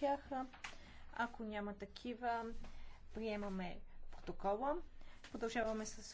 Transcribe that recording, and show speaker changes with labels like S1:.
S1: тях. Ако няма такива, приемаме протокола. Продължаваме с